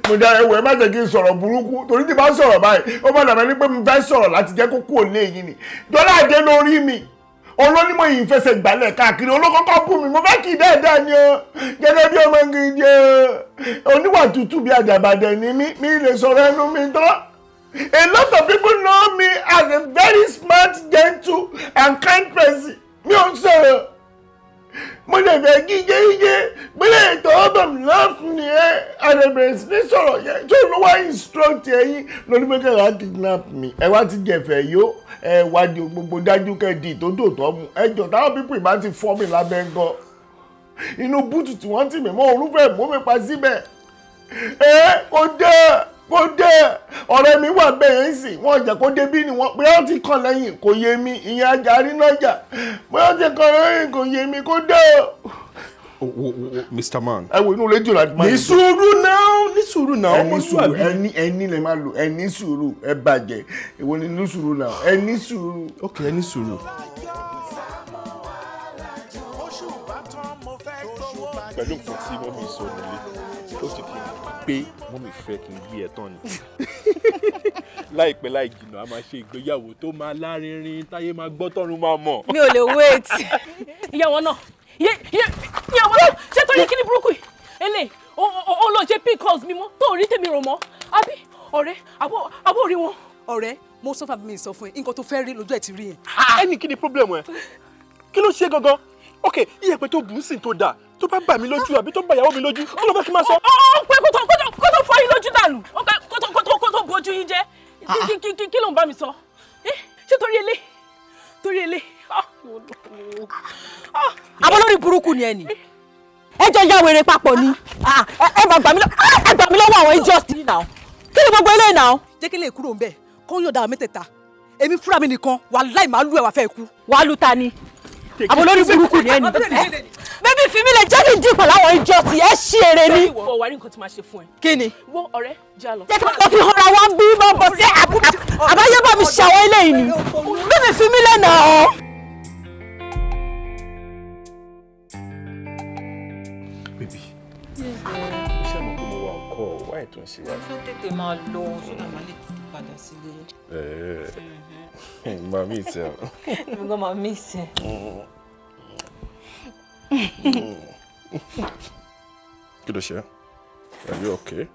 mo dára ẹwọ ẹ má jẹ́ kí n sọ̀rọ̀ burúkú torí tí bá sọ̀rọ̀ báyìí ó bá dàbẹ ní pé mo fẹ́ sọ̀rọ̀ láti jẹ́ kó kúrò lé yìí ni dọ́là àdé lórí mi olónímọ̀ yìí fẹsẹ̀ gbálẹ̀ káàkiri olókọ́kọ́ bù mí mo fẹ́ kí dáadáa ni o gẹ́gẹ́ bí ọmọ gidi oníwà tútù bí àdàbàdàn ni mí mi lè sọ̀rọ̀ ẹnu mi tán. A lot of people know me as a very smart, gentle, and kind person mi ò sọ̀rọ̀ mo lè fẹ́ gígé gígé gbélé ètò ọ̀bẹ̀ mi láàfin ni ẹ àdẹ̀bẹ̀rẹ̀ sí ní sọ̀rọ̀ yẹn tó ló wá instruct ẹ̀yin lórí pé kẹwàá kidnap mi ẹ wá ti jẹ̀fẹ̀ yó ẹ wá di gbogbo dájú kẹ́ẹ̀dì tó dò tọ́ mu ẹ jọ táwọn pípì bá ti fọ́ mi lábẹ́ ń gan inú búùtù tí wọ́n ti mímọ́ orúfẹ́ mú mi pa síbẹ̀ ẹ kò dáa kó dé ọ̀rẹ́ mi wà bẹ́ẹ̀ ń sìn wọ́n jẹ́ kó débí ni wọ́n pé wọ́n ti kàn lẹ́yìn kò yé mi ìyẹn ajá arínájà pé wọ́n ti kàn lẹ́yìn kò yé mi kó dé. Mr. Man. ẹ wo inú ilé jùlọ àti máa ń lò. ní sùúrù náà ní sùúrù náà ọmọ sùúrù ẹni ẹni lè máa lò ẹni sùúrù ẹ bàjẹ́ ìwọ ni ní sùúrù náà ẹni sùúrù. ok ẹni sùúrù. pẹ̀lú nǹkan tí mọ́mí sọ nílé ó ti fi hàn pé wọ́n mi fẹ́ kí n gbé ẹ tán ni láìpẹ́ láì jìnnà a máa ṣe ìgbéyàwó tó máa lárinrin táyé máa gbọ́ tọ́run máa mọ̀. mi ò lè wait ìyàwó náà yé yé ìyàwó náà ṣé torí kí ni burúkú yìí ele ó lọ jẹ pcos mi mọ tó rí tèmi rò mọ àbí ọ̀rẹ́ àbó rí wọn. ọ̀rẹ́ mo sọ fàbí mi sọ fún ẹ nǹkan tó fẹ́ rí lójú ẹ̀ ti rí yẹn. Ah. ẹnì kí ni problem ẹ kí ló ṣe gangan ok iyẹ̀pẹ̀ tó bùn sí tó dáa tó bá bà mí lójú àbí tó bá ìyàwó mi lójú kí ló fẹ́ kí n máa sọ. ó pé kó tó kó tó kó tó fọ́ yín lójú dànù kó tó kó tó kó tó bójú yín jẹ́ ah, ah. kí ló ń bá mi sọ ṣé torí ele torí ele. Ah, àbọ̀ lórí burúkú ni ẹ nì ẹ jọ ya wèrè papọ̀ ni ẹ gbà mí lọ́wọ́ àwọn ẹjọ́ sí náà kí ni gbogbo eléyìí náà. jẹ́ kí lè kúrò ń bẹ̀ kó ń yọ̀dà mẹ́tẹ̀ẹ̀ta èmi fúnra mi nìkan wàláì máa lù ẹ̀ wá fẹ́ kú. wàá lù ta ni àbọ̀ lórí burúkú ni ẹ bébí fi mí lẹ jáde dìpọ̀ láwọn ìjọ tí ẹ ṣe eré ni. ìwọ wà ní nǹkan tí màá ṣe fún ẹ. kí ni. wọ ọ̀rẹ́ já lọ. jẹ́ kí wọ́n fi hanra wọn bí wọ́n bọ̀ sí àbáyébọ̀ mi ṣàwọn eléyìí ni bébí fi mí lẹ́nà ọ́. bébí iṣẹ́ mi kò mọ wa ọkọ̀ wá ètò ìṣèwà. fún tètè máa lọ sódà máa lè tètè padà sílé. ẹ̀ẹ́ màmí ìtẹ̀. mi gan màmí ìtẹ̀. Kí mm. Are you okay?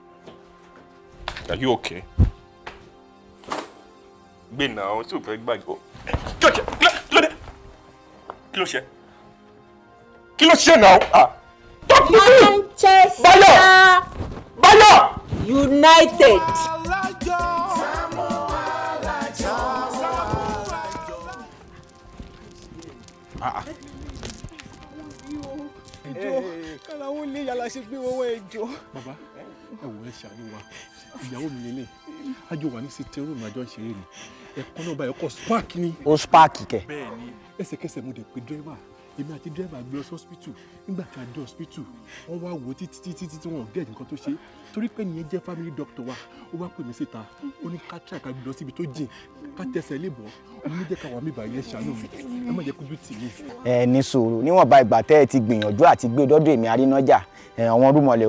Are you okay? Be now, super o fẹ́ gbàgbọ́. Kí ló ṣe? Kí ló dé? Talk to me! Manchester! Báyọ̀! Báyọ̀! United! ah. ah ẹjọ́ kára wọn lé yàrá ṣe gbé wọ́wọ́ ẹjọ́. bàbá ẹ wò ẹ ṣàánú wa ìyàwó mi lélẹ̀ àjọ wà ní sitẹ́rù mi àjọ ṣeré ni ẹ̀kọ́ náà báyọ̀ kọ́ spark ni. ó spark kẹ. bẹ́ẹ̀ ni mo dẹ̀ pe dírẹ́wà èmi àti dírẹ́fà gbé lọ sí hospital nígbà tá a dé hospital wọ́n wá wò ó títí títí títí wọn gẹ̀ nǹkan tó ṣe torí pé nìyẹn jẹ́ family doctor wa ó wá pè mí síta ó ní ká tíra ká gbé lọ síbi tó jìn ká tẹsẹ̀ lè bọ̀ omi jẹ́ ká wà mí báyìí ṣàánú mi ẹ má jẹ́ kójú tì mí. ẹ ní sùúrù níwọ̀nba ìgbà tẹ́ ẹ ti gbìyànjú àti gbé dọ́dọ̀ èmi arínájà àwọn rúmọ̀lẹ̀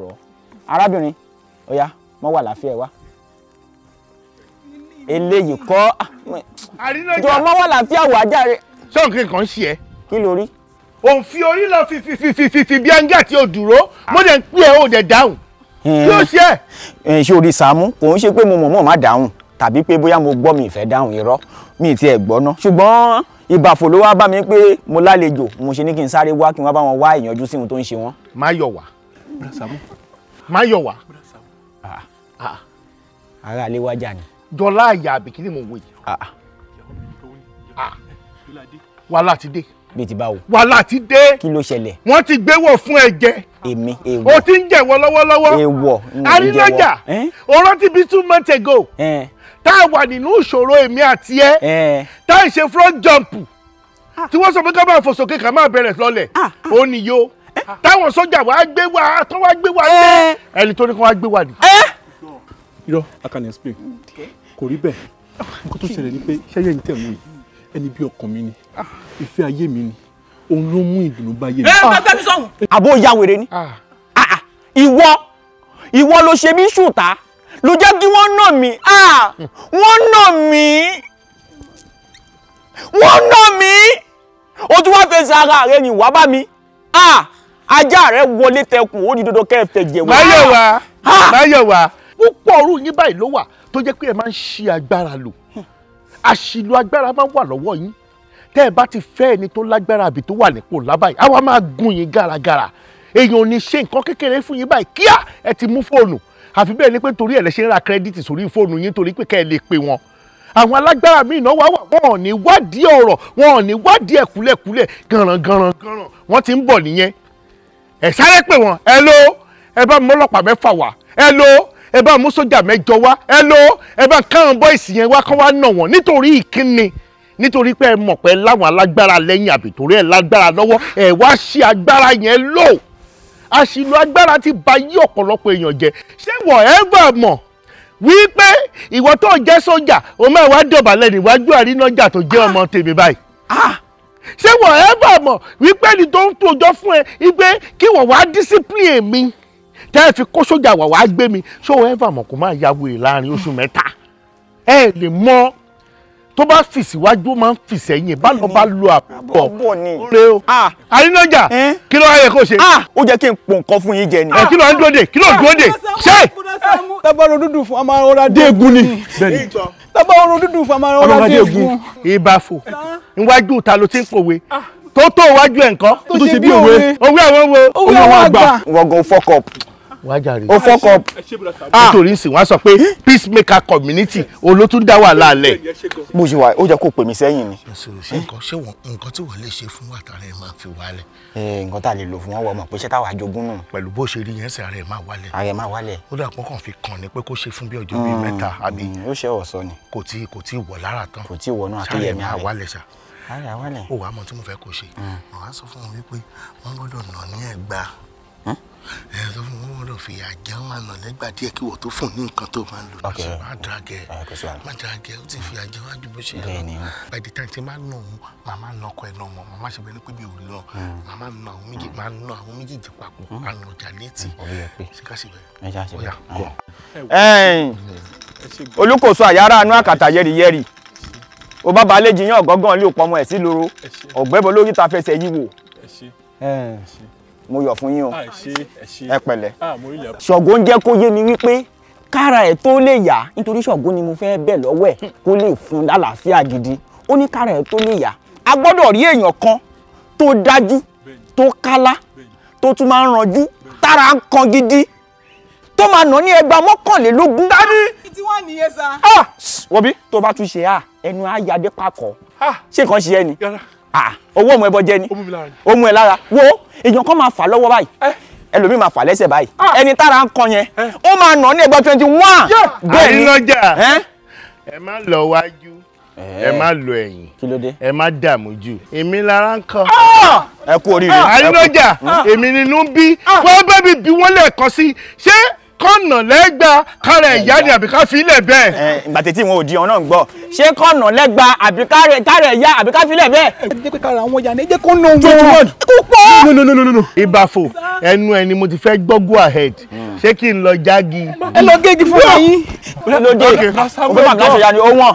ó arábìnrin ọ̀yá mọ́ wà láfíà wa eléyìí kọ́ jọ mọ́ wà láfíà wà járe. sọ́ọ̀kì kan ṣe ẹ́. kí ló rí. òun fi orí lọ fi bí ẹnjẹ tí o mo dẹ̀ ń pè é o dẹ̀ dáhùn kí ṣe ẹ́. ẹ ṣe orí Sàámú kò ń ṣe pé mo mọ̀ mọ̀ má dáhùn tàbí pé bóyá mo gbọ́ mi ìfẹ́ dáhùn irọ́ mi ti ẹ̀ gbọ́ ná ṣùgbọ́n ìbàfò ló wá bá mi pé mo lálejò mo ṣe ní kí n sáré wá kí n wá bá wọn wá ìyanjú sí ohun tó ń ṣe wọn. má yọ̀ wá. Máyọ̀wá. Ah. Ah. ara ilé wájà ni. dọ́là àyà àbíkí ni mò ń wò yìí. Ah. wàhálà ti dé. bíi ti báwo. wàhálà ti dé. kí ló ṣẹlẹ̀. wọ́n ti gbéwọ̀ fún ẹ jẹ. èmi èèwọ̀. o ti ń jẹ̀wọ́ lọ́wọ́lọ́wọ́. èèwọ̀ ń jẹ̀wọ́. arínájà ọ̀rọ̀ ti bí two months ago. tá a wà nínú ìṣòro èmi àti ẹ. tá a ṣe front jump. tí wọ́n sọ pé ká máa fò sókè ká máa bẹ̀rẹ̀ lọ́lẹ̀. ó nìyó. Eh? táwọn sójà wa gbé wa tó wá gbé wa lé eh? ẹni tó ní kó wá gbé wa ni. Eh? irọ́ I can explain kò rí bẹ́ẹ̀ nǹkan tó ṣẹlẹ̀ ni pé ṣẹ́yẹ́ ní tẹ̀mí yìí ẹni bí ọkàn mi ni ah. ìfẹ́ ayé mi ni òun ló mú ìdùnnú bá yé mi. ẹ ah. bàbá mi sọ̀hún. àbó ya wèrè ni ah. ìwọ ìwọ ló ṣe mí ṣùtá ló jẹ́ kí wọ́n nà mí wọ́n nà mí wọ́n nà mí o tún wá fẹsẹ̀ ara rẹ ni wàá bá mi. Ah! ajá rẹ wọlé tẹkùn ó di dandan kẹ́ ẹ fẹ̀jẹ̀ wá. máyọ̀wá máyọ̀wá púpọ̀ ọ̀rú yín báyìí ló wà tó jẹ́ pé ẹ máa ń ṣe agbára lò àṣìlò agbára máa ń wà lọ́wọ́ yín tẹ́ ẹ bá ti fẹ́ ẹni tó lágbára àbí tó wà nípò lábàáyé àwa máa gún yín gàràgàrà èèyàn ò ní ṣe nǹkan kékeré fún yín báyìí kíá ẹ ti mú fóònù àfi bẹ́ẹ̀ ni pé torí ẹ̀ lẹ ṣe ń ra kírẹ́dìtì sórí fóònù yín torí pé kẹ́ ẹ lè pe wọn àwọn alágbára míì náà wá wà wọn ò ní wádìí ọ̀rọ̀ wọn ò ní wádìí ẹ̀kúlẹ̀kúlẹ̀ gànràngànràngànràn wọ́n ti ń bọ̀ nìyẹn ẹ sáré pè wọ́n ẹ ló ẹ bá mú ọlọ́pàá mẹ́fà wá ẹ ló ẹ bá mú sójà mẹ́jọ wá ẹ ló ẹ bá káwọn bọ́ìsì yẹn wá kán wá nà wọ́n nítorí ìkíni nítorí pé ẹ mọ̀ pé láwọn alágbára lẹ́yìn àbí torí ẹ lágbára lọ́wọ́ ẹ wá ṣe agbára yẹn lò àṣìlò agbára ti ba yí ọ̀pọ̀lọpọ̀ èèyàn jẹ ṣé wọ́n ẹ bá mọ̀ wípé ìwọ tó jẹ́ sójà o máa wá dọ̀bálẹ̀ níwájú àrínájà tó jẹ́ ọmọ tèmi báyìí. Ah, ṣé wọ́n ẹ bà mọ̀ wípé ẹni tó ń tójọ́ fún ẹ wípé kí wọ́n wá discipline mi tẹ́ ẹ fi kó sójà wà wá gbé mi ṣé wọ́n ẹ bà mọ̀ kó máa ya wèrè láàrin oṣù mẹ́ta ẹ lè mọ tó bá fì síwájú ó máa ń fì sẹ́yìn bá lọ bá lo àpò rẹ o àrínájà kí ló yẹ kó ṣe. ó jẹ́ kí n pò nǹkan fún yín jẹ ni. kí ló ń dúró dè kí ló ń dúró dè ṣé. tábàrò dúdú fún ọmọ ọ̀rá dé egun ni bàbá orun dúdú fama ọlọ́dẹ ègún ìbàfò níwájú ta ló ti ń pòwe ah. tó tó wájú ẹ̀ nǹkan tó ṣe bí òwe òwe àwọn wo òwe àwọn àgbà. wọ́n gan fọ́kọ̀pù ó fọkọ ah! nítorí ìsìn wọn sọ pé peacemaker community olótún dá wà láàlẹ. bó ṣe wà ó jẹ́ kó pè mí sẹ́yìn ni. ṣé nǹkan tí wọ́n lè ṣe fún wa tààrà ẹ̀ máa fi wálẹ̀. nǹkan tá a lè lò fún wọn wọ ọmọ pé ṣé táwa jogún nù. pẹ̀lú bó ṣe rí yẹn sí ara ẹ̀ máa wálẹ̀. ara ẹ̀ máa wálẹ̀. ó dà pọ́n kàn fi kàn ní pé kó ṣe fún bí ọjọ́ bíi mm, mẹ́ta àbí. Mm, ó ṣe ọ̀sọ́ ni. kò tí kò tí wọ̀ lára tán. kò tí wọ̀ náà àtúnyẹ̀mí àwálẹ̀ mọ tí mo fẹ́ kó ṣe mo mm. wá sọ fún wọn wípé wọn gbọ́dọ̀ nà ní ẹgbàá ẹ sọ fún wọn lọ fi àjà wọn àná lẹgbà díẹ̀ kí wọn tó fún ní nǹkan tó máa ń lò lọ sí má dragẹ má dragẹ ó ti fi àjà wọn àjùbọ ṣe yàrá by the time tí má nà òun màmá nà ọkọ ẹ nà ọmọ màmá ṣe bẹ́ẹ̀ pé mi ò ríran hmm. màmá nà àwọn méjì má nà àwọn méjèèjì papọ̀ hmm. àná ọjà létí síkàsíbẹ ọyà kọ. olùkóso àyàrá anú àkàtà yẹ́rìyẹ́rì ó bá balẹ̀ jiyàn ọ̀gọ́gàn mo yọ̀ fún yín o ah, ẹ pẹ̀lẹ́ ah, ṣọ̀gbọ́n jẹ́ kó yé mi wípé kára ẹ̀ tó lè yá nítorí ṣọ̀gbọ́n ni mo fẹ́ bẹ̀ lọ́wọ́ ẹ̀ kó lè fún lálàáfíà gidi ó ní kára ẹ̀ tó lè yá a gbọ́dọ̀ rí èèyàn kan tó dájú tó kálá tó tún máa ń ranjú tára ń kan gidi tó máa nà ní ẹgbàá mọ́kànlélógún. dání tí wọ́n nìyẹn sa. Ah, wọ́n bí tó bá tún ṣe ẹnu á yá dé ṣé kàn ṣe ẹni owó ọmọ ẹbọ jẹ ni ó mú ẹ lára wo èèyàn kan máa fà lọ́wọ́ báyìí ẹlòmíì máa fà lẹ́sẹ̀ báyìí ẹni tára ń kọ yẹn ó máa nà ní ẹgbẹ́ twenty one. bẹ́ẹ̀ ni àrínájà ẹ má lọ wájú ẹ má lọ ẹ̀yìn ẹ má dààmú jù èmi lára ń kọ. ẹ kú oríire. àrínájà èmi nínú bí wọ́n bẹ́ẹ̀ bí wọ́n lè kọ́ sí ṣé kọ́nà lẹ́gba kára ẹ̀yá ni àbí ká fi ilẹ̀ bẹ́ẹ̀. ẹ ìgbà tètè wọn ò di ọ̀nà gbọ́ ṣé kọ́nà lẹ́gba àbí kára ẹ̀yá àbí ká fi ilẹ̀ bẹ́ẹ̀. ẹ jẹ́ pé kára àwọn ọjà ni ẹ jẹ́ kó wọn. no no no no no. ibafo ẹnu ẹ ni mo ti fẹ́ gbọ́ go ahead hmm. ṣé kí n lọ jági. ẹ lọ gégi fún mi. lóde òfin màkàṣọ ya ni ó wọ̀n.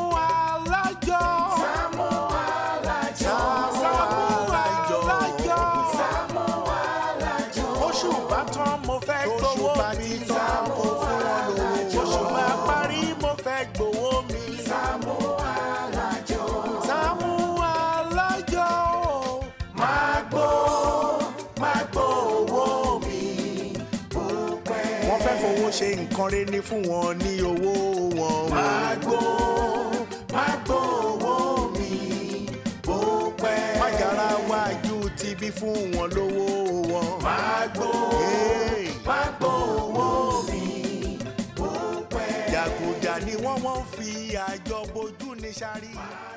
kọrin ní fún wọn ní owó wọn. má gbó owó mi bó pẹ́. má yàrá wájú ti bí fún wọn lówó wọn. má gbó má gbó owó mi bó pẹ́. jàgùjà ni wọ́n wọ́n fi àjọ bojú ní sáré.